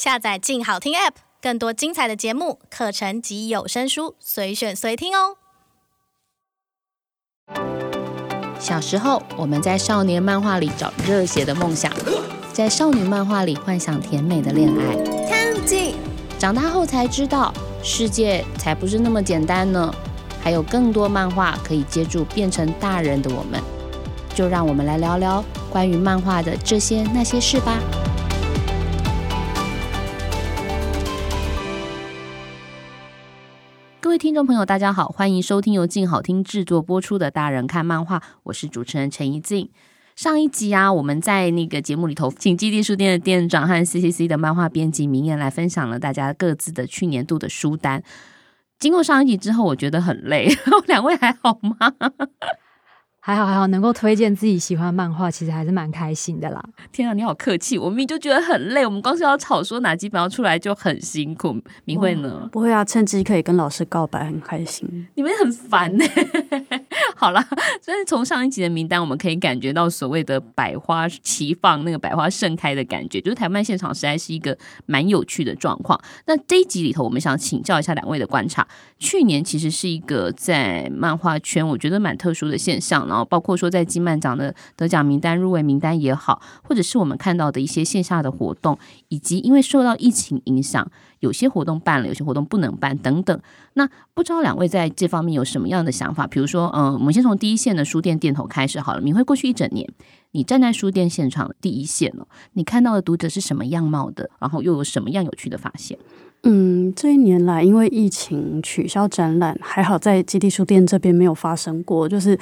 下載“靜好聽 ”App，更多精彩的節目、課程及有聲書，隨選隨聽哦。小時候，我們在少年漫畫裡找熱血的夢想，在少女漫畫裡幻想甜美的戀愛。長大後才知道，世界才不是那麼簡單呢。還有更多漫畫可以接住，變成大人的我們。就讓我們來聊聊關於漫畫的這些那些事吧。各位聽眾朋友，大家好，歡迎收聽由靜好聽制作播出的《大人看漫畫》，我是主持人陳怡靜。上一集啊，我們在那個節目裡頭，請基地書店的店長和 CCC 的漫畫編輯明豔來分享了大家各自的去年度的書單。經過上一集之後，我覺得很累，兩位還好嗎？ 還好還好，能夠推薦自己喜歡的漫畫，其實還是蠻開心的啦。天啊，你好客氣，我們就覺得很累。我們光是要吵說哪幾本要出來就很辛苦。明慧呢？哦、不會啊，趁機可以跟老師告白，很開心。嗯、你們很煩呢、欸。 好啦，所以從上一集的名單，我們可以感覺到所謂的百花齊放，那個百花盛開的感覺，就是台灣現場實在是一個蠻有趣的狀況。那這一集裡頭，我們想請教一下兩位的觀察。去年其實是一個在漫畫圈，我覺得蠻特殊的現象。然後包括說在金漫獎的得獎名單、入圍名單也好，或者是我們看到的一些線下的活動，以及因為受到疫情影響，有些活動辦了，有些活動不能辦等等。那不知道兩位在這方面有什麼樣的想法？比如說，嗯，我們先從第一線的書店店頭開始好了。明慧過去一整年，你站在書店現場第一線了、哦，你看到的讀者是什麼樣貌的？然後又有什麼樣有趣的發現？嗯，這一年來因為疫情取消展覽，還好在基地書店這邊沒有發生過，就是。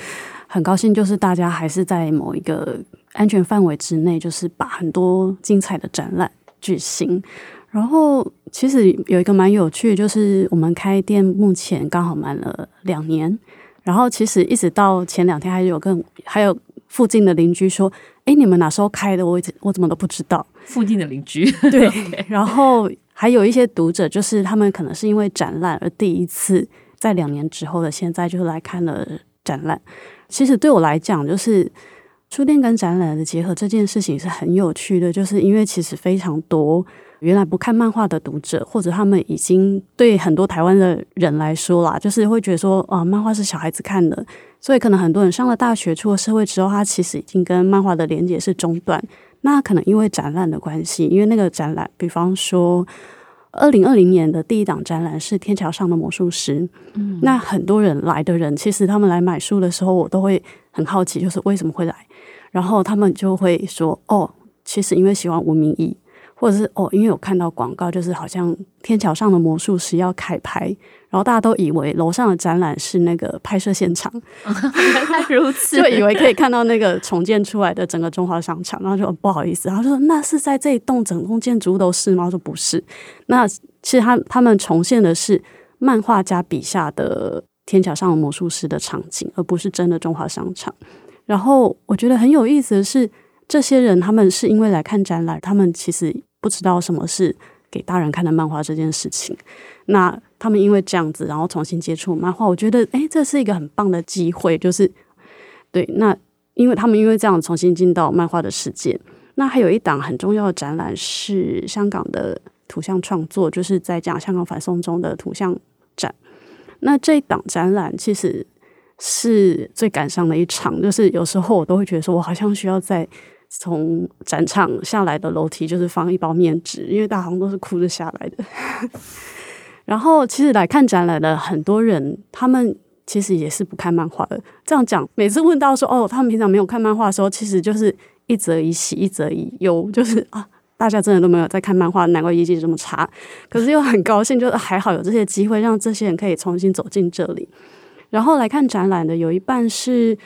很高興，就是大家還是在某一個安全範圍之內，就是把很多精彩的展覽舉行。然後，其實有一個蠻有趣的，就是我們開店目前剛好滿了兩年。然後，其實一直到前兩天，還有個還有附近的鄰居說：“誒、欸，你們哪時候開的？我怎我怎麼都不知道。”附近的鄰居 對。然後還有一些讀者，就是他們可能是因為展覽而第一次在兩年之後的現在就來看了。展覽，其實對我來講，就是書店跟展覽的結合這件事情是很有趣的，就是因為其實非常多原來不看漫畫的讀者，或者他們已經對很多台灣的人來說啦，就是會覺得說啊、哦，漫畫是小孩子看的，所以可能很多人上了大學、出了社會之後，他其實已經跟漫畫的連接是中斷。那可能因為展覽的關係，因為那個展覽，比方說。二零二零年的第一檔展覽是《天橋上的魔術師》，嗯，那很多人來的人，其實，他們來買書的時候，我都會很好奇，就是為什麼會來，然後他們就會說，哦，其實因為喜歡吳明益’。或者是哦，因為我看到廣告，就是好像天橋上的魔術師要開拍，然後大家都以為樓上的展覽是那個拍攝現場，原來如此，就以為可以看到那個重建出來的整個中華商場，然後說不好意思，然後 說那是在這一棟整棟建築物都是嗎？我說不是，那其實他他們重現的是漫畫家筆下的天橋上的魔術師的場景，而不是真的中華商場。然後我覺得很有意思的是，這些人他們是因為來看展覽，他們其實不知道什麼是給大人看的漫畫這件事情。那他們因為這樣子，然後重新接觸漫畫，我覺得哎、欸，這是一個很棒的機會，就是對。那因為他們因為這樣重新進到漫畫的世界，那還有一檔很重要的展覽是香港的圖像創作，就是在講香港反送中的圖像展。那這一檔展覽其實是最感傷的一場，就是有時候我都會覺得說，我好像需要在。從展場下來的樓梯，就是放一包面紙，因為大家好像都是哭着下來的。 然後，其實來看展覽的很多人，他們其實也是不看漫畫的。這樣講，每次問到說哦，他們平常沒有看漫畫的時候，其實就是一則以喜，一則以憂，就是啊，大家真的都沒有在看漫畫，難怪業績這麼差。可是又很高興，就是還好有這些機會，讓這些人可以重新走進這裡。然後來看展覽的有一半是。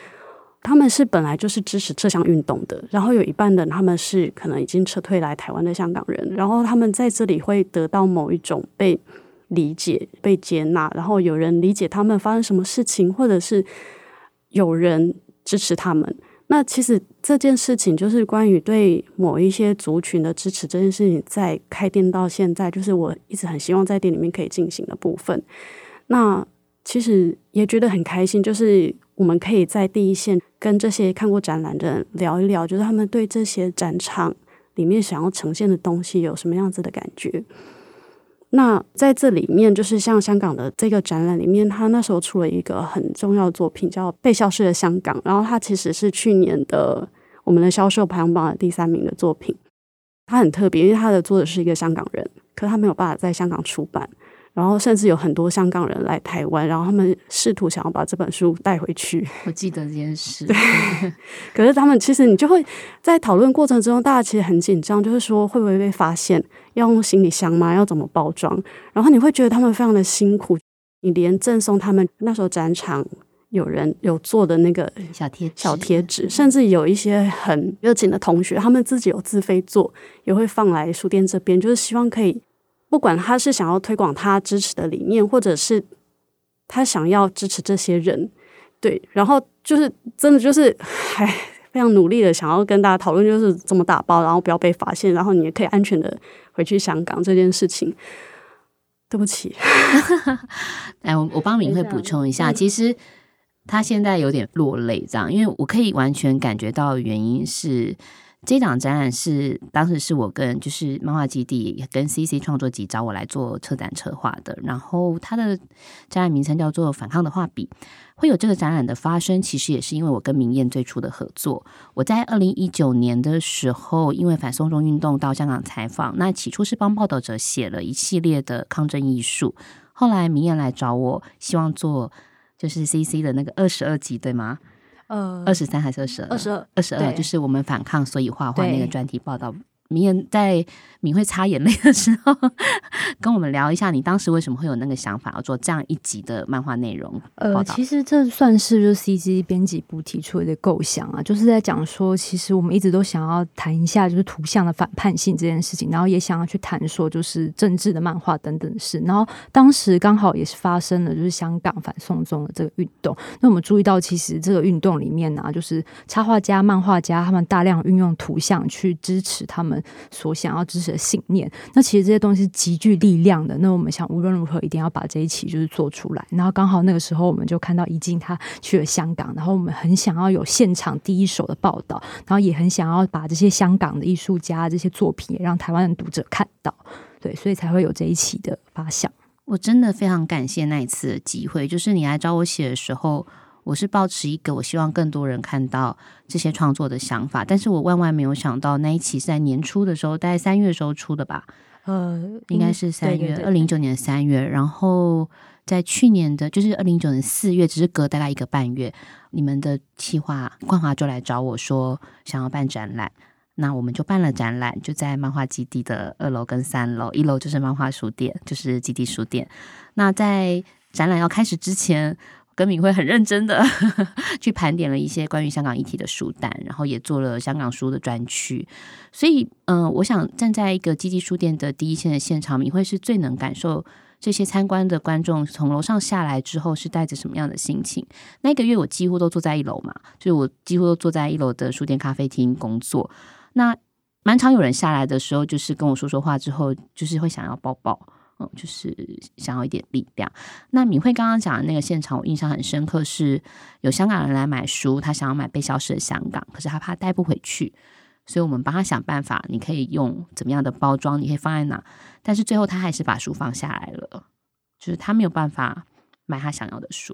他們是本來就是支持這項運動的，然後有一半的他們是可能已經撤退來台灣的香港人，然後他們在這裡會得到某一種被理解、被接納，然後有人理解他們發生什麼事情，或者是有人支持他們。那其實這件事情就是關於對某一些族群的支持，這件事情在開店到現在，就是我一直很希望在店裡面可以進行的部分。那其實也覺得很開心，就是。我們可以在第一線跟這些看過展覽的人聊一聊，就是他們對這些展場裡面想要呈現的東西有什麼樣子的感覺。那在這裡面，就是像香港的這個展覽裡面，他那時候出了一個很重要的作品，叫《被消失的香港》，然後它其實是去年的我們的銷售排行榜的第三名的作品。它很特別，因為它的作者是一個香港人，可是他沒有辦法在香港出版。然後甚至有很多香港人來台灣，然後他們試圖想要把這本書帶回去。我記得這件事。 對 可是他們其實你就會在討論過程中，大家其實很緊張，就是說會不會被發現？要用行李箱嗎？要怎麼包裝？然後你會覺得他們非常的辛苦。你連贈送他們那時候展場有人有做的那個小貼小貼紙，甚至有一些很熱情的同學，他們自己有自費做，也會放來書店這邊，就是希望可以。不管他是想要推廣他支持的理念，或者是他想要支持這些人，對，然後就是真的就是，哎，非常努力的想要跟大家討論，就是怎麼打包，然後不要被發現，然後你也可以安全的回去香港這件事情。對不起， 哎，我我幫敏慧補充一下，嗯、其實他現在有點落淚，這樣，因為我可以完全感覺到原因是。這檔展覽是當時是我跟就是漫畫基地也跟 CC 創作集找我來做策展策劃的，然後他的展覽名稱叫做《反抗的畫筆》。會有這個展覽的發生，其實也是因為我跟明豔最初的合作。我在二零一九年的時候，因為反送中運動到香港採訪，那起初是幫報道者寫了一系列的抗爭藝術，後來明豔來找我，希望做就是 CC 的那個二十二集，對嗎？呃，二十三還是二十二？二十二，二十二，就是我們反抗，所以畫畫那個專題報道對，明年在。你會擦眼淚的時候，跟我們聊一下，你當時為什麼會有那個想法，要做這樣一集的漫畫內容？呃，其實這算是就 CG 編輯部提出的一個構想啊，就是在講說，其實我們一直都想要談一下就是圖像的反叛性這件事情，然後也想要去談說就是政治的漫畫等等事。然後當時剛好也是發生了就是香港反送中的這個運動，那我們注意到其實這個運動裡面呢、啊，就是插畫家、漫畫家他們大量運用圖像去支持他們所想要支持。的信念，那其實這些東西極具力量的。那我們想無論如何一定要把這一期就是做出來，然後剛好那個時候我們就看到怡靜她去了香港，然後我們很想要有現場第一手的報道，然後也很想要把這些香港的藝術家這些作品也讓台灣的讀者看到，對，所以才會有這一期的發想。我真的非常感謝那一次的機會，就是你來找我寫的時候。我是抱持一個我希望更多人看到這些創作的想法，但是我萬萬沒有想到那一期是在年初的時候，大概三月的時候出的吧。呃，應該是三月，二零一九年三月。然後在去年的，就是二零一九年四月，只是隔大概一個半月，你們的企劃冠華就來找我說想要辦展覽，那我們就辦了展覽，就在漫畫基地的二樓跟三樓，一樓就是漫畫書店，就是基地書店。那在展覽要開始之前。跟敏慧很認真的 去盤點了一些關於香港議題的書單，然後也做了香港書的專區。所以，嗯、呃，我想站在一個基地書店的第一線的現場，敏慧是最能感受這些參觀的觀眾從樓上下來之後是帶着什麼樣的心情。那一個月我幾乎都坐在一樓嘛，就是我幾乎都坐在一樓的書店咖啡廳工作。那蠻常有人下來的時候，就是跟我說說話之後，就是會想要抱抱。就是想要一點力量。那敏慧剛剛講的那個現場，我印象很深刻，是有香港人來買書，他想要買《被消失的香港》，可是他怕帶不回去，所以我們幫他想辦法。你可以用怎麼樣的包裝，你可以放在哪，但是最後他還是把書放下來了，就是他沒有辦法。買他想要的書，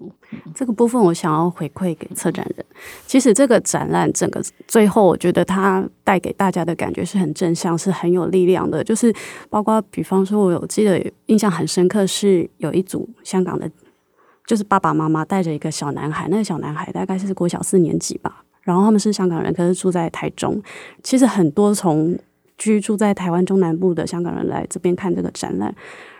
這個部分我想要回饋給策展人。其實這個展覽整個最後，我覺得他帶給大家的感覺是很正向，是很有力量的。就是包括，比方說，我有記得印象很深刻，是有一組香港的，就是爸爸媽媽帶着一個小男孩，那個小男孩大概是國小四年級吧。然後他們是香港人，可是住在台中。其實很多從居住在台灣中南部的香港人來這邊看這個展覽，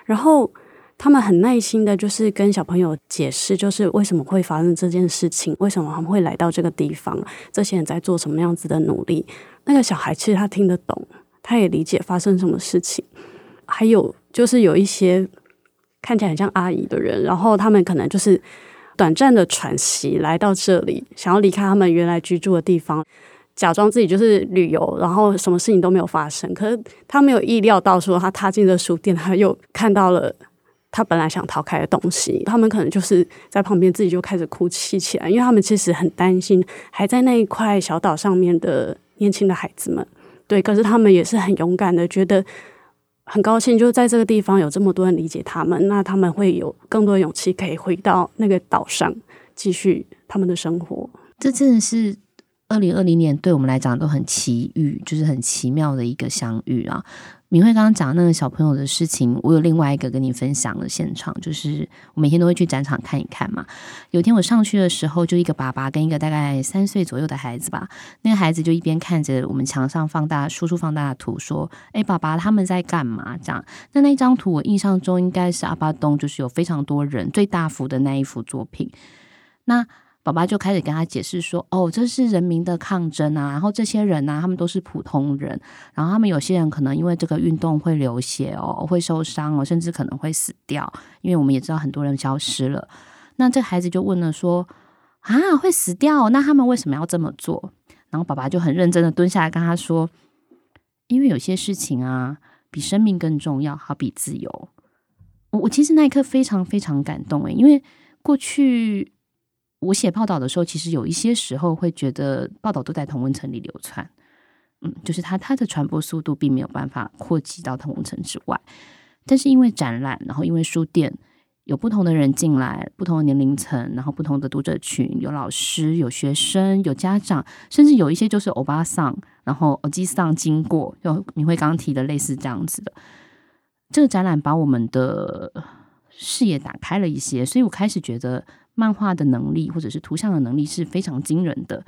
然後。他們很耐心的，就是跟小朋友解釋，就是為什麼會發生這件事情，為什麼他們會來到這個地方，這些人在做什麼樣子的努力。那個小孩其實他聽得懂，他也理解發生什麼事情。還有就是有一些看起來很像阿姨的人，然後他們可能就是短暫的喘息來到這裡，想要離開他們原來居住的地方，假裝自己就是旅遊，然後什麼事情都沒有發生。可是他沒有意料到說他踏進了書店，他又看到了。他本來想逃開的東西，他們可能就是在旁邊自己就開始哭泣起來，因為他們其實很擔心還在那一塊小島上面的年輕的孩子們。對，可是他們也是很勇敢的，覺得很高興，就在這個地方有這麼多人理解他們，那他們會有更多的勇氣可以回到那個島上繼續他們的生活。這真的是二零二零年對我們來講都很奇遇，就是很奇妙的一個相遇啊。明慧剛剛講那個小朋友的事情，我有另外一個跟你分享的現場，就是我每天都會去展場看一看嘛。有天我上去的時候，就一個爸爸跟一個大概三歲左右的孩子吧，那個孩子就一邊看着我們牆上放大、輸出放大圖，說：“哎，爸爸他們在幹嘛？”這樣。那那張圖我印象中應該是阿巴東，就是有非常多人最大幅的那一幅作品。那。爸爸就開始跟他解釋說：“哦，這是人民的抗爭啊，然後這些人啊，他們都是普通人，然後他們有些人可能因為這個運動會流血哦，會受傷哦，甚至可能會死掉，因為我們也知道很多人消失了。那這孩子就問了說：‘啊，會死掉哦？那他們為什麼要這麼做？’然後爸爸就很認真的蹲下來跟他說：‘因為有些事情啊，比生命更重要，好比自由。’我我我其實那一刻非常非常感動欸，因為過去。”我寫報道的時候，其實有一些時候會覺得報道都在同溫層裡流傳，嗯，就是它它的傳播速度並沒有辦法擴及到同溫層之外。但是因為展覽，然後因為書店，有不同的人進來，不同的年齡層，然後不同的讀者群，有老師，有學生，有家長，甚至有一些就是歐巴桑，然後歐吉桑經過，就你會剛剛提的類似這樣子的，這個展覽把我們的視野打開了一些，所以我開始覺得。漫畫的能力或者是圖像的能力是非常驚人的，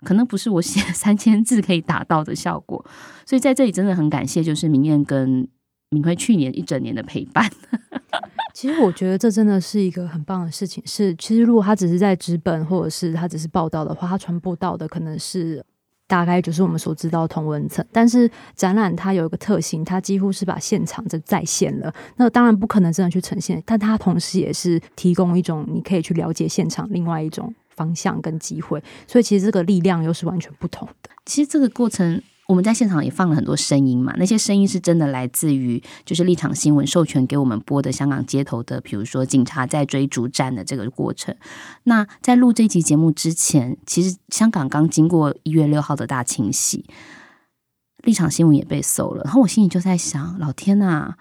可能不是我寫三千字可以達到的效果，所以在這裡真的很感謝，就是明艷跟明慧去年一整年的陪伴。其實我覺得這真的是一個很棒的事情，是其實如果他只是在紙本或者是他只是報道的話，他傳播到的可能是。大概就是我們所知道同溫層，但是展覽它有一個特性，它幾乎是把現場再再現了。那當然不可能真的去呈現，但它同時也是提供一種你可以去了解現場另外一種方向跟機會。所以其實這個力量又是完全不同的。其實這個過程。我們在現場也放了很多聲音嘛，那些聲音是真的來自於就是立場新聞授權給我們播的香港街頭的，比如說警察在追逐戰的這個過程。那在錄這集節目之前，其實香港剛經過一月六號的大清洗，立場新聞也被搜了。然後我心裡就在想，老天吶、啊，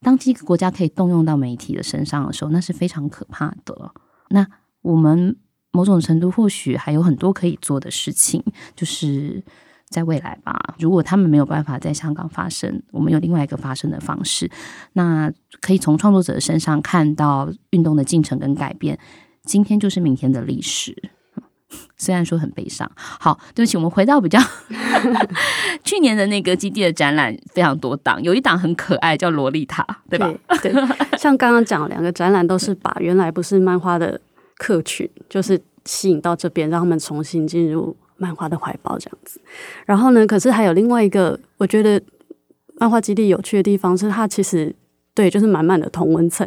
當這個國家可以動用到媒體的身上的時候，那是非常可怕的。那我們某種程度或許還有很多可以做的事情，就是。在未來吧，如果他們沒有辦法在香港發生，我們有另外一個發生的方式。那可以從創作者的身上看到運動的進程跟改變。今天就是明天的歷史，嗯、雖然說很悲傷。好，對不起，我們回到比較 去年的那個基地的展覽，非常多檔，有一檔很可愛，叫洛麗塔，對吧對？對，像剛剛講的兩個展覽都是把原來不是漫畫的客群，就是吸引到這邊，讓他們重新進入。漫畫的懷抱這樣子，然後呢？可是還有另外一個，我覺得漫畫基地有趣的地方是，它其實對，就是滿滿的同溫層。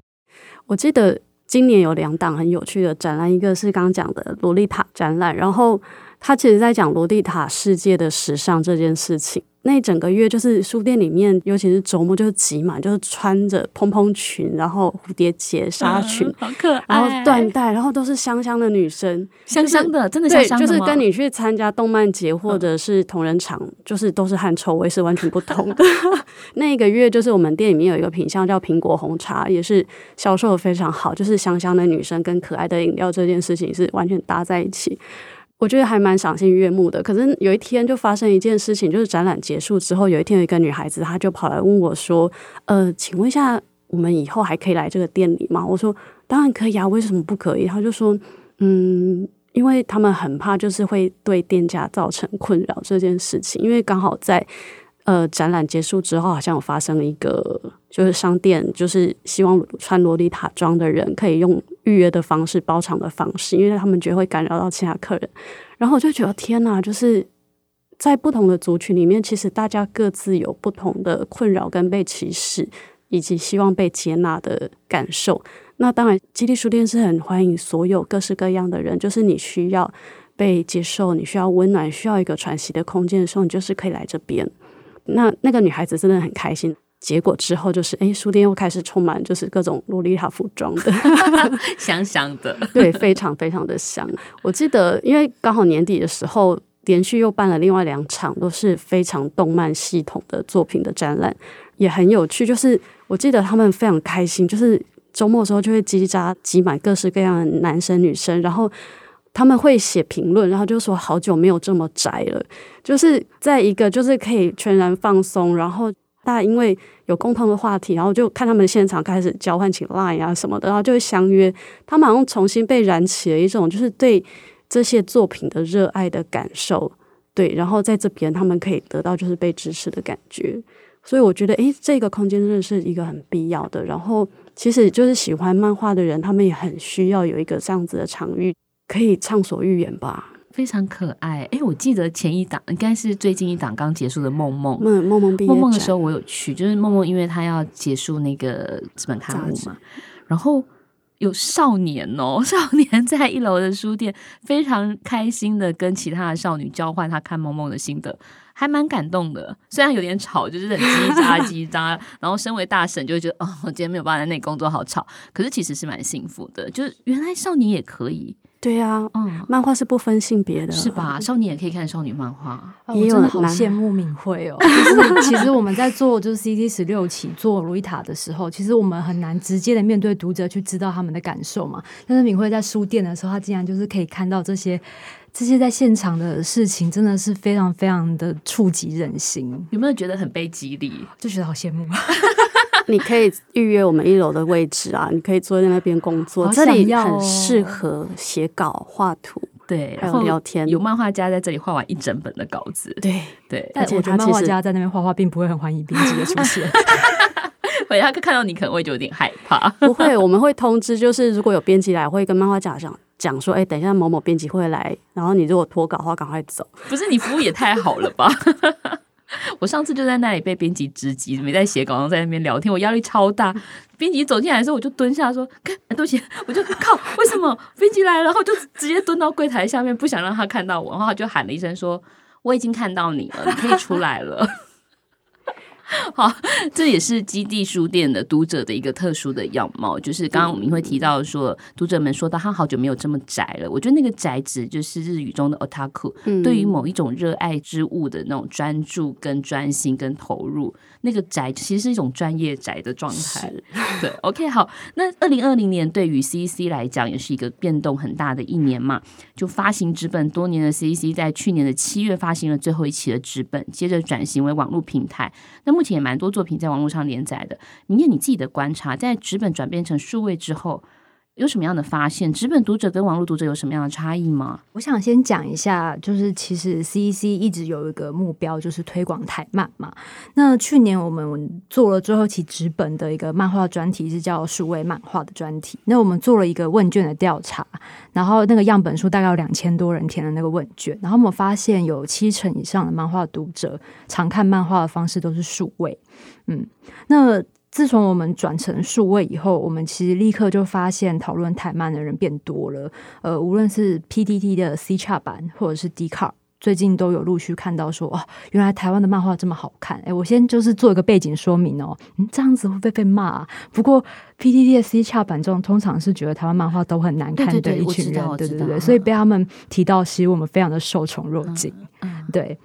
我記得今年有兩檔很有趣的展覽，一個是剛剛講的《洛麗塔》展覽，然後。他其實，在講羅蒂塔世界的時尚這件事情。那一整個月就是書店裡面，尤其是周末就是擠滿，就是穿着蓬蓬裙，然後蝴蝶結紗裙，嗯、好可愛、然後緞帶，然後都是香香的女生，香香的，真的香香的。對，就是跟你去參加動漫節或者是同人場，就是都是汗臭味是完全不同的。 那一個月就是我們店裡面有一個品項叫蘋果紅茶，也是銷售非常好。就是香香的女生跟可愛的飲料這件事情是完全搭在一起。我覺得還蠻賞心悅目的。可是有一天就發生一件事情，就是展覽結束之後，有一天有一個女孩子，她就跑來問我，說：“呃，請問一下，我們以後還可以來這個店裡嗎？”我說：“當然可以啊，為什麼不可以？”她就說：“嗯，因為他們很怕，就是會對店家造成困擾這件事情，因為剛好在。”呃，展覽結束之後，好像有發生了一個，就是商店，就是希望穿洛麗塔裝的人可以用預約的方式，包場的方式，因為他們覺得會干擾到其他客人。然後我就覺得天吶，啊，就是在不同的族群裡面，其實大家各自有不同的困擾、跟被歧視，以及希望被接納的感受。那當然，基地書店是很歡迎所有各式各樣的人，就是你需要被接受，你需要溫暖，需要一個喘息的空間的時候，你就是可以來這邊。那那個女孩子真的很開心，結果之後就是，哎、欸，書店又開始充滿就是各種洛麗塔服裝的，香香的，對，非常非常的香。 我記得，因為剛好年底的時候，連續又辦了另外兩場，都是非常動漫系統的作品的展覽，也很有趣。就是我記得他們非常開心，就是週末的時候就會嘰嘰喳喳擠滿各式各樣的男生女生，然後。他們會寫評論，然後就說好久沒有這麼宅了。就是在一個，就是可以全然放鬆，然後大家因為有共同的話題，然後就看他們現場開始交換起 Line 啊什麼的，然後就會相約。他們好像重新被燃起了一種就是對這些作品的熱愛的感受。對，然後在這邊他們可以得到就是被支持的感覺。所以我覺得，誒，這個空間真的是一個很必要的。然後，其實就是喜歡漫畫的人，他們也很需要有一個這樣子的場域。可以暢所欲言吧，非常可愛。哎、欸，我記得前一檔應該是最近一檔剛結束的夢夢《夢夢夢夢夢夢》夢夢夢夢的時候，我有去，就是夢夢，因為她要結束那個資本刊物嘛。然後有少年哦、喔，少年在一樓的書店，非常開心的跟其他的少女交換他看《夢夢》的心得，還蠻感動的。雖然有點吵，就是很嘰喳嘰喳。 然後身為大嬸，就會覺得哦，我今天沒有辦法在那裡工作，好吵。可是其實是蠻幸福的，就是原來少年也可以。對呀、啊，嗯，漫畫是不分性別的，是吧？少女也可以看少女漫畫，啊、我真的好羨慕敏慧哦。 就是、其實我們在做就是 CD 十六期做洛麗塔的時候，其實我們很難直接的面對讀者去知道他們的感受嘛。但是敏慧在書店的時候，她竟然就是可以看到這些這些在現場的事情，真的是非常非常的觸及人心。有沒有覺得很被激勵？就覺得好羨慕。 你可以預約我們一樓的位置啊！你可以坐在那邊工作，要哦、這裡很適合寫稿、畫圖，對，還有聊天。有漫畫家在這裡畫完一整本的稿子，對、嗯、對。但對而且我覺得漫畫家在那邊畫畫並不會很歡迎編輯的出現，因他看到你可能會就會有點害怕。不會，我們會通知，就是如果有編輯來，會跟漫畫家講講說，哎，等一下某某編輯會來，然後你如果拖稿的話，趕快走。不是，你服務也太好了吧？ 我上次就在那裡被編輯直擊，沒在寫稿，然後在那邊聊天，我壓力超大。編輯走進來的時候，我就蹲下說：“看，啊、對不起。”我就靠，為什麼編輯來了？然後就直接蹲到櫃檯下面，不想讓他看到我。然後他就喊了一聲說：“我已經看到你了，你可以出來了。” 好，這也是基地書店的讀者的一個特殊的樣貌，就是剛剛我們會提到說，讀者們說到他好久沒有這麼宅了。我覺得那個宅子就是日語中的 otaku，、嗯、對於某一種熱愛之物的那種專注、跟專心、跟投入，那個宅其實是一種專業宅的狀態。是對，OK，好，那二零二零年對於 CCC 來講也是一個變動很大的一年嘛，就發行紙本多年的 CCC，在去年的七月發行了最後一期的紙本，接着轉型為網絡平台。那目前也蠻多作品在網絡上連載的。你有你自己的觀察，在紙本轉變成數位之後。有什麼樣的發現？紙本讀者跟網絡讀者有什麼樣的差異嗎？我想先講一下，就是其實 CEC 一直有一個目標，就是推廣台漫嘛。那去年我們做了最後一期紙本的一個漫畫專題，是叫數位漫畫的專題。那我們做了一個問卷的調查，然後那個樣本數大概兩千多人填的那個問卷，然後我們發現有七成以上的漫畫讀者常看漫畫的方式都是數位。嗯，那。自從我們轉成數位以後，我們其實立刻就發現討論台漫的人變多了。呃，無論是 PTT 的 C 叉版或者是 Dcard，最近都有陸續看到說，哇、哦，原來台灣的漫畫這麼好看。哎，我先就是做一個背景說明哦，嗯、這樣子會不會被罵、啊？不過 PTT 的 C 叉版中通常是覺得台灣漫畫都很難看的一群人，對對對，對對對，所以被他們提到，嗯、其實我們非常的受寵若驚。嗯，嗯對。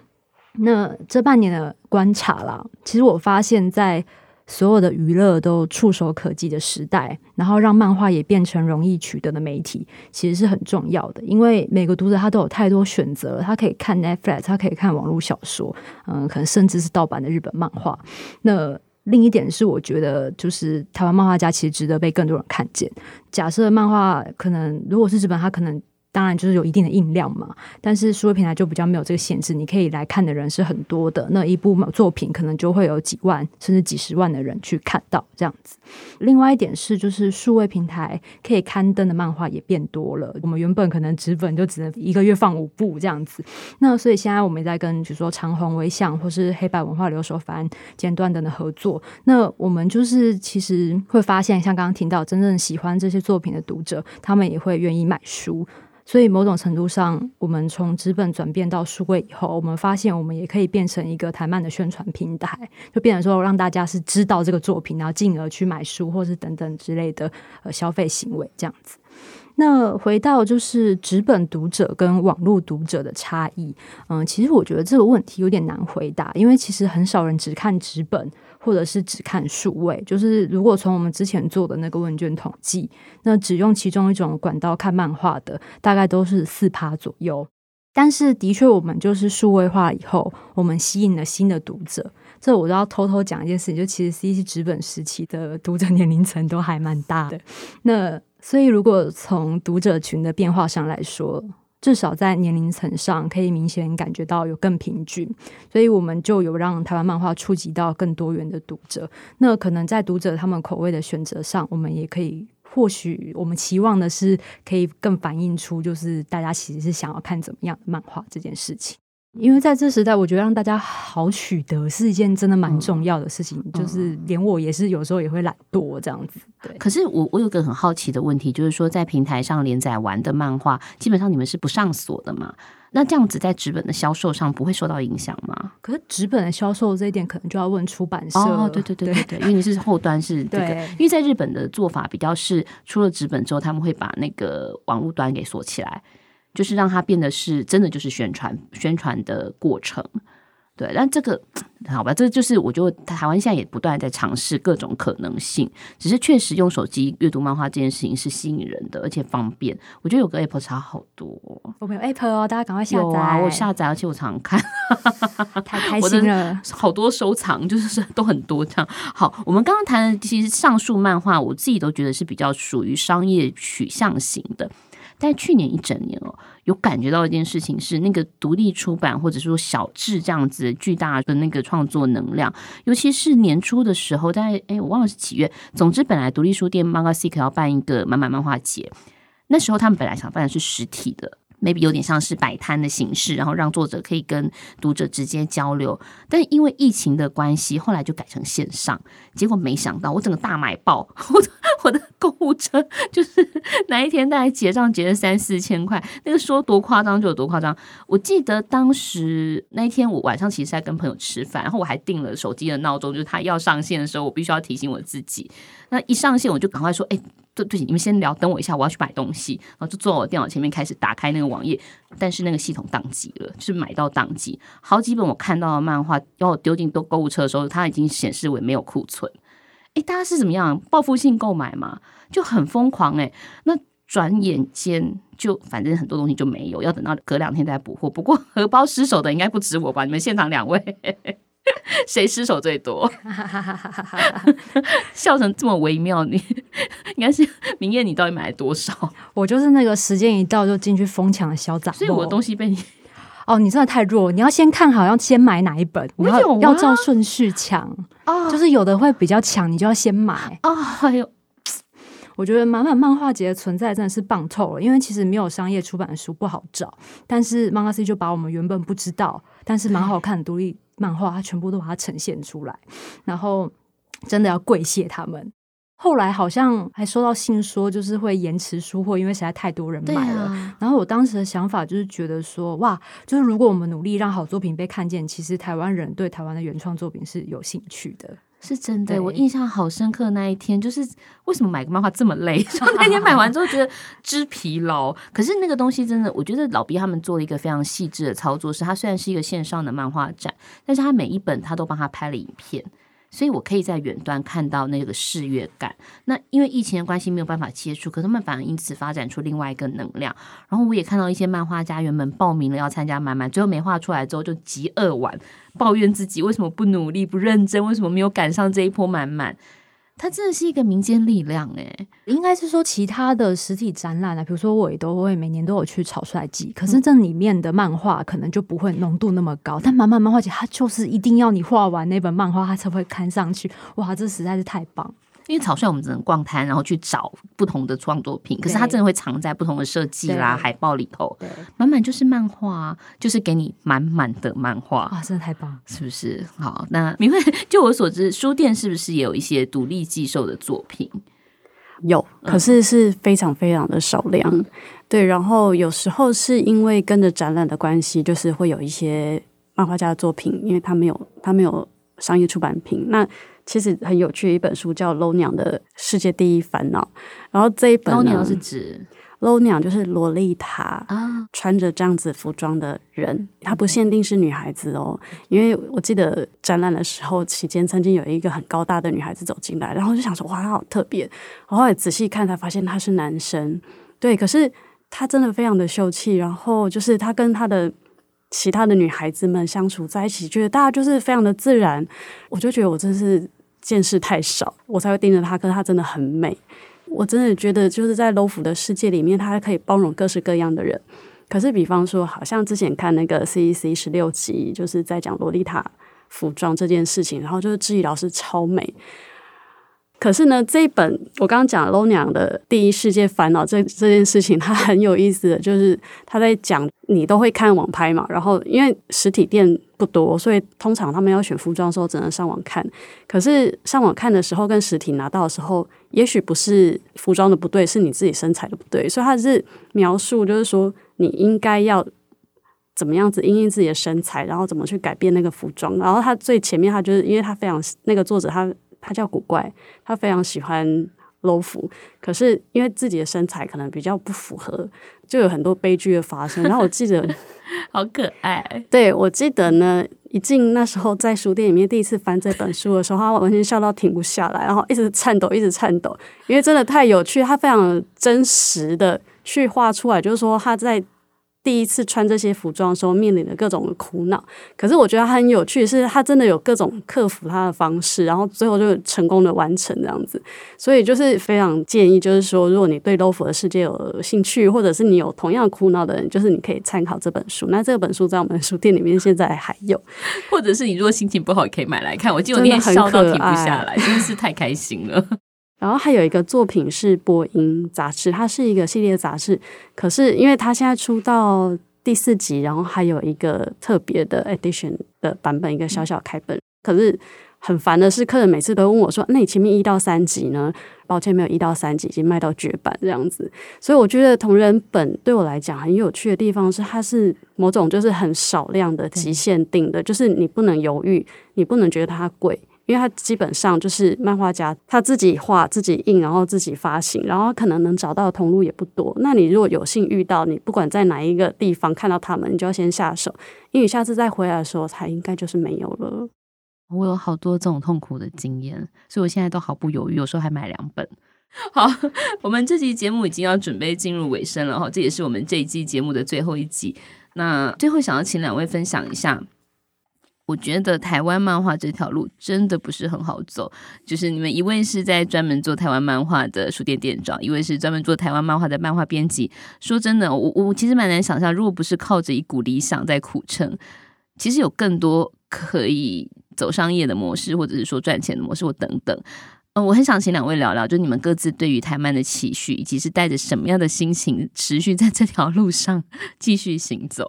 那這半年的觀察啦，其實我發現在所有的娛樂都觸手可及的時代，然後讓漫畫也變成容易取得的媒體，其實是很重要的。因為每個讀者他都有太多選擇，他可以看 Netflix，他可以看網絡小說，嗯，可能甚至是盜版的日本漫畫。那另一點是，我覺得就是台灣漫畫家其實值得被更多人看見。假設漫畫可能如果是日本，他可能。當然就是有一定的印量嘛，但是數位平台就比較沒有這個限制，你可以來看的人是很多的。那一部嘛作品可能就會有幾萬甚至幾十萬的人去看到這樣子。另外一點是，就是數位平台可以刊登的漫畫也變多了。我們原本可能紙本就只能一個月放五部這樣子，那所以現在我們也在跟比如說長鴻、威向或是黑白文化、留守番、尖端等的合作，那我們就是其實會發現，像剛剛提到真正喜歡這些作品的讀者，他們也會願意買書。所以某種程度上，我們從紙本轉變到數位以後，我們發現我們也可以變成一個台漫的宣傳平台，就變成說讓大家是知道這個作品，然後進而去買書或是等等之類的呃消費行為這樣子。那回到就是紙本讀者跟網絡讀者的差異，嗯，其實我覺得這個問題有點難回答，因為其實很少人只看紙本，或者是只看數位。就是如果從我們之前做的那個問卷統計，那只用其中一種管道看漫畫的，大概都是四趴左右。但是的確，我們就是數位化以後，我們吸引了新的讀者。這我都要偷偷講一件事情，就其實 C C 紙本時期的讀者年齡層都還蠻大的。那所以，如果從讀者群的變化上來說，至少在年齡層上可以明顯感覺到有更平均，所以我們就有讓台灣漫畫觸及到更多元的讀者。那可能在讀者他們口味的選擇上，我們也可以，或許我們期望的是可以更反映出，就是大家其實是想要看怎麼樣的漫畫這件事情。因為在這時代，我覺得讓大家好取得是一件真的蠻重要的事情。嗯嗯、就是連我也是有時候也會懶惰這樣子。對，可是我我有個很好奇的問題，就是說在平台上連載完的漫畫，基本上你們是不上鎖的嘛？那這樣子在紙本的銷售上不會受到影響嗎？可是紙本的銷售這一點，可能就要問出版社哦，對對對對，對對， 因為你是後端是、這個，對，因為在日本的做法比較是出了紙本之後，他們會把那個網絡端給鎖起來。就是讓它變得是真的，就是宣傳宣傳的過程，對。但這個好吧，這個、就是我覺得台灣現在也不斷在嘗試各種可能性。只是確實用手機閱讀漫畫這件事情是吸引人的，而且方便。我覺得有個 Apple 差好多，我有 Apple 哦，大家趕快下載啊。我下載啊，而且我常常看， 太開心了，好多收藏，就是都很多這樣。好，我們剛剛談的其實上述漫畫，我自己都覺得是比較屬於商業取向型的。但去年一整年哦，有感覺到一件事情是，那個獨立出版或者說小誌這樣子巨大的那個創作能量，尤其是年初的時候，大概，哎、欸，我忘了是幾月。總之，本來獨立書店 Mangasick 要辦一個滿滿漫畫節，那時候他們本來想辦的是實體的。maybe 有點像是擺攤的形式，然後讓作者可以跟讀者直接交流。但因為疫情的關係，後來就改成線上。結果沒想到，我整個大買爆，我的我的購物車就是那一天大概結賬結了三四千塊，那個說多誇張就有多誇張。我記得當時那一天我晚上其實在跟朋友吃飯，然後我還訂了手機的鬧鐘，就是他要上線的時候，我必須要提醒我自己。那一上線，我就趕快說，哎。對對，你們先聊，等我一下，我要去買東西。然後就坐我電腦前面開始打開那個網頁，但是那個系統宕機了，就是買到宕機。好幾本我看到的漫畫要我丟進都購物車的時候，它已經顯示為沒有庫存。誒，大家是怎麼樣報復性購買嘛？就很瘋狂誒、欸，那轉眼間就反正很多東西就沒有，要等到隔兩天再補貨。不過荷包失守的應該不止我吧？你們現場兩位。 誰失手最多？ ，笑成這麼微妙，你應該是明艷，你到底買了多少？我就是那個時間一到就進去瘋搶的小雜貨。所以我的東西被你哦，你真的太弱！你要先看好，要先買哪一本，我啊、然後要照順序搶。啊，oh. 就是有的會比較搶，你就要先買。啊、oh. oh.，哎呦， 我覺得滿滿漫畫節的存在真的是棒透了，因為其實沒有商業出版的書不好找，但是漫畫 C 就把我們原本不知道，但是蠻好看的獨立。 漫畫，他全部都把它呈現出來，然後真的要跪謝他們。後來好像還收到信說，就是會延遲出貨，因為實在太多人買了。對啊、然後我當時的想法就是覺得說，哇，就是如果我們努力讓好作品被看見，其實台灣人對台灣的原創作品是有興趣的。是真的，對我印象好深刻。那一天就是為什麼買個漫畫這麼累？我 那天買完之後覺得之疲勞。可是那個東西真的，我覺得老畢他們做了一個非常細緻的操作，是他雖然是一個線上的漫畫展，但是他每一本他都幫他拍了影片。所以，我可以在遠端看到那個事業感。那因為疫情的關係，沒有辦法接觸，可是他們反而因此發展出另外一個能量。然後，我也看到一些漫畫家原本報名了要參加漫漫，最後沒畫出來之後就急，就極惡玩抱怨自己為什麼不努力、不認真，為什麼沒有趕上這一波漫漫。它真的是一個民間力量誒、欸，應該是說其他的實體展覽啊，比如說我也都會每年都有去草率季。可是這裡面的漫畫可能就不會濃度那麼高，但漫漫漫，漫畫節它就是一定要你畫完那本漫畫，它才會看上去，哇，這實在是太棒。因為草率，我們只能逛攤，然後去找不同的創作品。可是它真的會藏在不同的設計啦、海報裡頭，滿滿就是漫畫，就是給你滿滿的漫畫。哇，真的太棒，是不是？好，那明慧，就我所知，書店是不是也有一些獨立寄售的作品？有，嗯、可是是非常非常的少量。對，然後有時候是因為跟着展覽的關係，就是會有一些漫畫家的作品，因為他沒有，他沒有。商業出版品，那其實很有趣，一本書叫《Lo 娘的世界第一煩惱》，然後這一本 Lo 娘是指 Lo 娘就是洛麗塔啊，穿着這樣子服裝的人，啊、她不限定是女孩子哦，嗯、因為我記得展覽的時候期間曾經有一個很高大的女孩子走進來，然後就想說哇，她好特別，然後，後來仔細看才發現他是男生，對，可是他真的非常的秀氣，然後就是他跟他的。其他的女孩子們相處在一起，覺得大家就是非常的自然，我就覺得我真是見識太少，我才會盯着她。可是她真的很美，我真的覺得就是在 Lo 服的世界裡面，她還可以包容各式各樣的人。可是，比方說，好像之前看那個 CCC 十六集，就是在講洛麗塔服裝這件事情，然後就是志怡老師超美。可是呢，這一本我剛剛講 Lo 娘的第一世界煩惱這這件事情，它很有意思的就是他在講，你都會看網拍嘛，然後因為實體店不多，所以通常他們要選服裝的時候只能上網看。可是上網看的時候跟實體拿到的時候，也許不是服裝的不對，是你自己身材的不對。所以他是描述，就是說你應該要怎麼樣子因應自己的身材，然後怎麼去改變那個服裝。然後他最前面，他就是因為他非常那個作者他。他叫古怪，他非常喜歡 Lo 服，可是因為自己的身材可能比較不符合，就有很多悲劇的發生。然後我記得， 好可愛、欸。對，我記得呢，一進那時候在書店裡面第一次翻這本書的時候，他完全笑到停不下來，然後一直顫抖，一直顫抖，因為真的太有趣。他非常真實的去畫出來，就是說他在。第一次穿這些服裝的時候，面臨的各種的苦惱。可是我覺得很有趣，是他真的有各種克服他的方式，然後最後就成功的完成這樣子。所以就是非常建議，就是說，如果你對 LO 服的世界有興趣，或者是你有同樣苦惱的人，就是你可以參考這本書。那這本書在我們書店裡面現在還有， 或者是你如果心情不好，也可以買來看。我記得我那天笑到停不下來，真的， 真的是太開心了。然後還有一個作品是《播音雜誌》，它是一個系列雜誌。可是因為它現在出到第四集，然後還有一個特別的 edition 的版本，一個小小開本。嗯、可是很煩的是，客人每次都問我說：“那、嗯、你前面一到三集呢？”抱歉，沒有一到三集，已經賣到絕版這樣子。所以我覺得同人本對我來講很有趣的地方是，它是某種就是很少量的、極限定的，嗯、就是你不能猶豫，你不能覺得它貴。因為他基本上就是漫畫家，他自己畫、自己印，然後自己發行，然後可能能找到的通路也不多。那你如果有幸遇到，你不管在哪一個地方看到他們，你就要先下手，因為你下次再回來的時候，他應該就是沒有了。我有好多這種痛苦的經驗，所以我現在都毫不猶豫，有時候還買兩本。好，我們這期節目已經要準備進入尾聲了哈，這也是我們這一期節目的最後一集。那最後想要請兩位分享一下。我覺得台灣漫畫這條路真的不是很好走。就是你們一位是在專門做台灣漫畫的書店店長，一位是專門做台灣漫畫的漫畫編輯。說真的，我我其實蠻難想象，如果不是靠着一股理想在苦撐，其實有更多可以走商業的模式，或者是說賺錢的模式，我等等。呃，我很想請兩位聊聊，就你們各自對於台漫的期許，以及是帶着什麼樣的心情持續在這條路上繼續行走。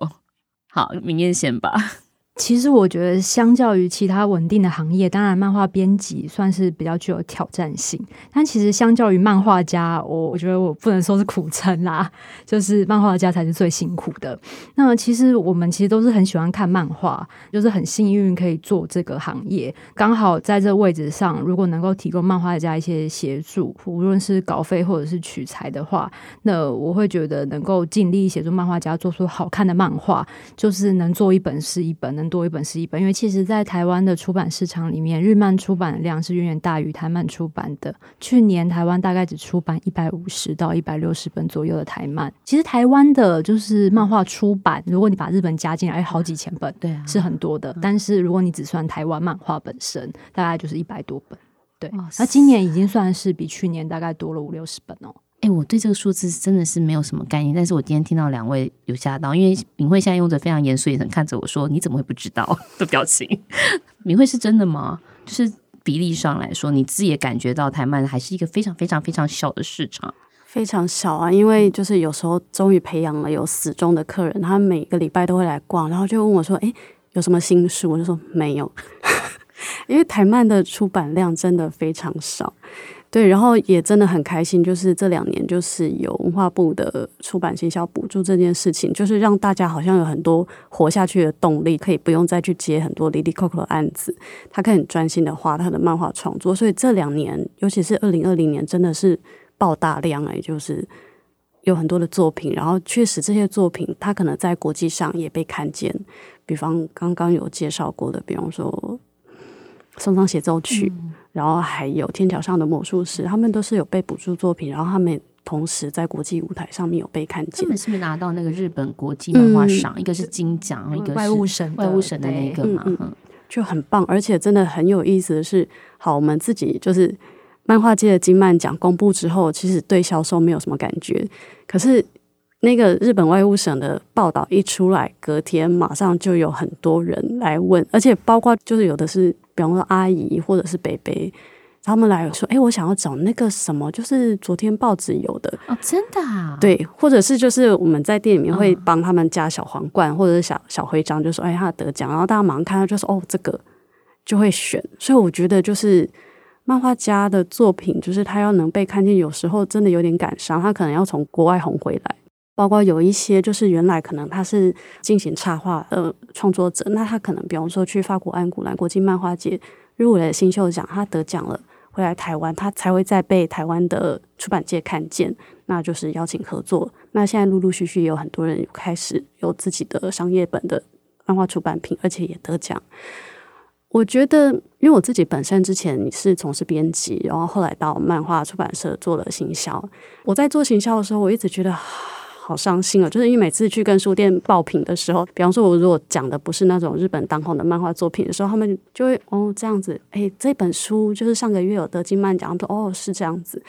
好，明艷先吧。其實我覺得，相較於其他穩定的行業，當然漫畫編輯算是比較具有挑戰性。但其實相較於漫畫家，我我覺得我不能說是苦撐啦，就是漫畫家才是最辛苦的。那其實我們其實都是很喜歡看漫畫，就是很幸運可以做這個行業，剛好在這位置上，如果能夠提供漫畫家一些協助，無論是稿費或者是取材的話，那我會覺得能夠盡力協助漫畫家做出好看的漫畫，就是能做一本是一本的。多一本是一本，因為其實在台灣的出版市場裡面，日漫出版量是遠遠大於台漫出版的。去年台灣大概只出版一百五十到一百六十本左右的台漫，其實台灣的就是漫畫出版，嗯、如果你把日本加進來，好幾千本，對、嗯，是很多的。嗯、但是如果你只算台灣漫畫本身，大概就是一百多本，對。那、哦、塞今年已經算是比去年大概多了五六十本哦。誒，我對這個數字真的是沒有什麼概念，但是我今天聽到兩位有嚇到，因為敏慧現在用着非常嚴肅眼神看着我說：“你怎麼會不知道？”的表情，敏慧是真的嗎？就是比例上來說，你自己也感覺到台漫還是一個非常非常非常小的市場，非常小啊！因為就是有時候終於培養了有死忠的客人，他每個禮拜都會來逛，然後就問我說：“誒，有什麼新書？”我就說：“沒有。 ”因為台漫的出版量真的非常少。對，然後也真的很開心，就是這兩年，就是有文化部的出版行銷補助這件事情，就是讓大家好像有很多活下去的動力，可以不用再去接很多離離扣扣的案子，他可以很專心的畫他的漫畫創作。所以這兩年，尤其是二零二零年，真的是爆大量哎，就是有很多的作品。然後確實這些作品，他可能在國際上也被看見，比方剛剛有介紹過的，比方說《雙雙協奏曲》嗯。然後還有天橋上的魔術師，他們都是有被補助作品，然後他們同時在國際舞台上面有被看見。他們是不是拿到那個日本國際漫畫賞？嗯、一個是金獎，嗯、一個是怪物神怪物神的那個嘛，就很棒。而且真的很有意思的是，好，我們自己就是漫畫界的金漫獎公布之後，其實對銷售沒有什麼感覺，可是。嗯那個日本外務省的報道一出來，隔天馬上就有很多人來問，而且包括就是有的是，比方說阿姨或者是北北，他們來說：“誒、欸，我想要找那個什麼，就是昨天報紙有的。”哦，真的啊？對，或者是就是我們在店裡面會幫他們加小皇冠或者是小小徽章，就說：“哎、欸，他得獎。”然後大家馬上看到就說：“哦，這個就會選。”所以我覺得就是漫畫家的作品，就是他要能被看見，有時候真的有點感傷，他可能要從國外紅回來。包括有一些就是原來可能他是進行插畫呃創作者，那他可能比方說去法國安古蘭國際漫畫節入圍新秀獎，他得獎了，回來台灣，他才會再被台灣的出版界看見，那就是邀請合作。那現在陸陸續續也有很多人開始有自己的商業本的漫畫出版品，而且也得獎。我覺得，因為我自己本身之前是從事編輯，然後後來到漫畫出版社做了行銷。我在做行銷的時候，我一直覺得。好傷心啊，哦！就是因為每次去跟書店報品的時候，比方說我如果講的不是那種日本當紅的漫畫作品的時候，他們就會哦，這樣子，哎，欸，這本書就是上個月有得金漫獎，他說哦是這樣子，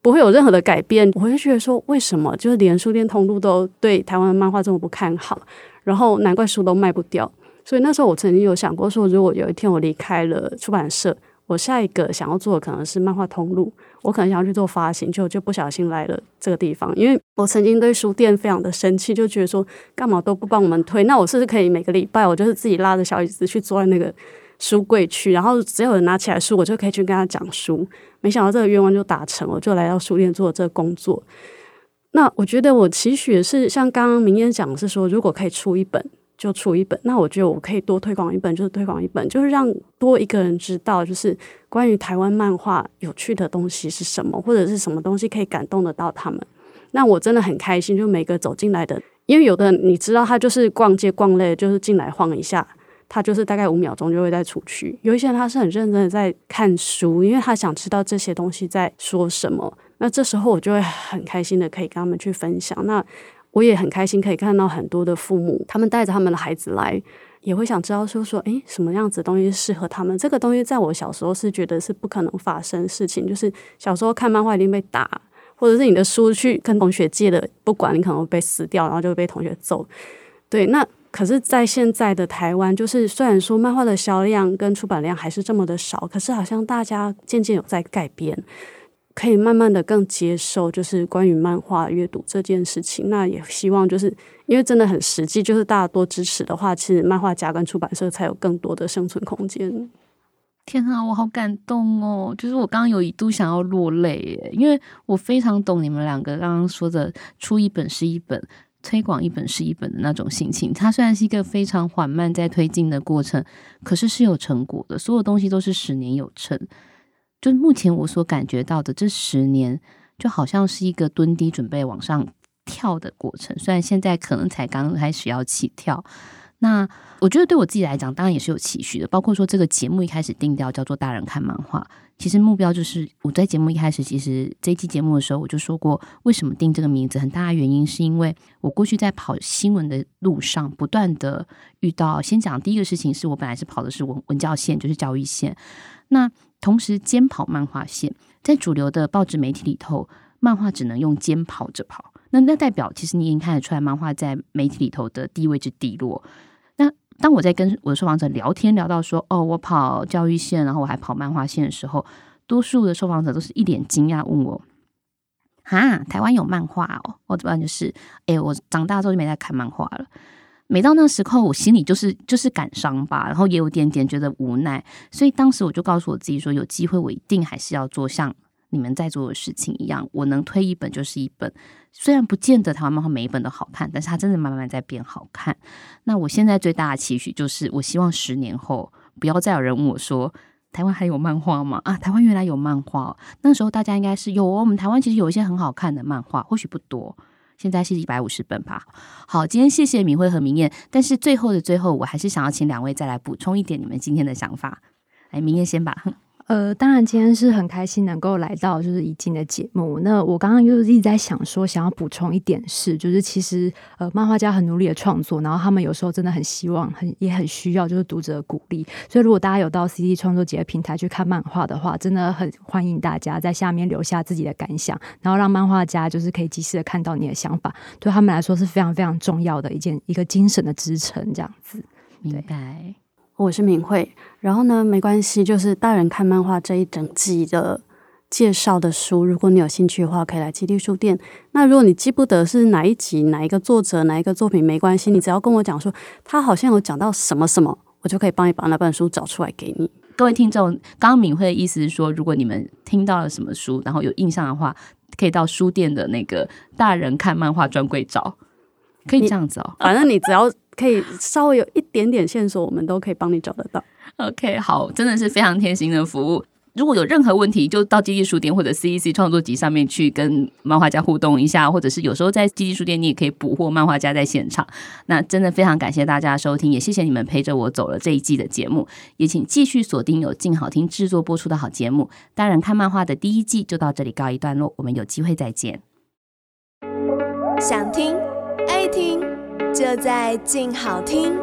不會有任何的改變。我就覺得說，為什麼就是連書店通路都對台灣的漫畫這麼不看好，然後難怪書都賣不掉。所以那時候我曾經有想過說，如果有一天我離開了出版社。我下一個想要做的可能是漫畫通路，我可能想要去做發行，就就不小心來了這個地方，因為我曾經對書店非常的生氣，就覺得說幹嘛都不幫我們推，那我是不是可以每個禮拜我就是自己拉着小椅子去坐在那個書櫃去，然後只要有人拿起來書，我就可以去跟他講書。沒想到這個願望就達成，我就來到書店做這個工作。那我覺得我其實也是像剛剛明言講，是說如果可以出一本。就出一本，那我覺得我可以多推廣一本，就是推廣一本，就是讓多一個人知道，就是關於台灣漫畫有趣的東西是什麼，或者是什麼東西可以感動得到他們。那我真的很開心，就每個走進來的，因為有的人你知道，他就是逛街逛累，就是進來晃一下，他就是大概五秒鐘就會再出去。有一些人他是很認真的在看書，因為他想知道這些東西在說什麼。那這時候我就會很開心的可以跟他們去分享。那我也很開心，可以看到很多的父母，他們帶着他們的孩子來，也會想知道說說，誒，什麼樣子的東西適合他們？這個東西在我小時候是覺得是不可能發生事情，就是小時候看漫畫一定被打，或者是你的書去跟同學借的，不管你可能會被撕掉，然後就會被同學揍。對，那可是，在現在的台灣，就是雖然說漫畫的銷量跟出版量還是這麼的少，可是好像大家漸漸有在改變。可以慢慢的更接受，就是關於漫畫閱讀這件事情。那也希望，就是因為真的很實際，就是大家多支持的話，其實漫畫家跟出版社才有更多的生存空間。天啊，我好感動哦！就是我剛剛有一度想要落淚耶，因為我非常懂你們兩個剛剛說的“出一本是一本，推廣一本是一本”的那種心情。它雖然是一個非常緩慢在推進的過程，可是是有成果的，所有東西都是十年有成。就目前我所感覺到的這十年，就好像是一個蹲低準備往上跳的過程。雖然現在可能才剛開始要起跳，那我覺得對我自己來講，當然也是有期許的。包括說這個節目一開始定調叫做《大人看漫畫》，其實目標就是我在節目一開始，其實這一期節目的時候我就說過，為什麼定這個名字，很大的原因是因為我過去在跑新聞的路上，不斷的遇到。先講第一個事情，是我本來是跑的是文文教線，就是教育線，那，同時兼跑漫畫線，在主流的報紙媒體裡頭，漫畫只能用兼跑着跑。那那代表，其實你已經看得出來，漫畫在媒體裡頭的地位之低落。那當我在跟我的受訪者聊天，聊到說：“哦，我跑教育線，然後我還跑漫畫線”的時候，多數的受訪者都是一臉驚訝問我：“哈，台灣有漫畫哦？”我多半就是：“誒、哎，我長大之後就沒再看漫畫了。”每到那時候，我心裡就是就是感傷吧，然後也有點點覺得無奈，所以當時我就告訴我自己說，有機會我一定還是要做像你們在做的事情一樣，我能推一本就是一本。雖然不見得台灣漫畫每一本都好看，但是它真的慢慢在變好看。那我現在最大的期許就是，我希望十年後不要再有人問我說，台灣還有漫畫嗎？啊，台灣原來有漫畫，那時候大家應該是有哦，我們台灣其實有一些很好看的漫畫，或許不多。現在是一百五十本吧。好，今天謝謝明慧和明艷。但是最後的最後，我還是想要請兩位再來補充一點你們今天的想法。哎，明艷先吧。呃，當然，今天是很開心能夠來到就是已經的節目。那我剛剛又一直在想說，想要補充一點是，就是其實呃，漫畫家很努力的創作，然後他們有時候真的很希望，很也很需要就是讀者的鼓勵。所以，如果大家有到 CD 創作節的平台去看漫畫的話，真的很歡迎大家在下面留下自己的感想，然後讓漫畫家就是可以及時的看到你的想法，對他們來說是非常非常重要的一件一個精神的支撐，這樣子，對。明白。我是敏慧，然後呢，沒關係，就是大人看漫畫這一整季的介紹的書，如果你有興趣的話，可以來基地書店。那如果你記不得是哪一集、哪一個作者、哪一個作品，沒關係，你只要跟我講說他好像有講到什麼什麼，我就可以幫你把那本書找出來給你。各位聽眾，剛剛敏慧的意思是說，如果你們聽到了什麼書，然後有印象的話，可以到書店的那個大人看漫畫專櫃找，可以這樣子哦，反正你，啊，你只要。 可以稍微有一點點線索，我們都可以幫你找得到。OK，好，真的是非常貼心的服務。如果有任何問題，就到奇蹟書店或者 CCC 創作集上面去跟漫畫家互動一下，或者是有時候在奇蹟書店你也可以捕獲漫畫家在現場。那真的非常感謝大家收聽，也謝謝你們陪着我走了這一季的節目。也請繼續鎖定由鏡好聽製作播出的好節目。當然，看漫畫的第一季就到這裡告一段落，我們有機會再見。想聽，愛聽。就在靜好聽。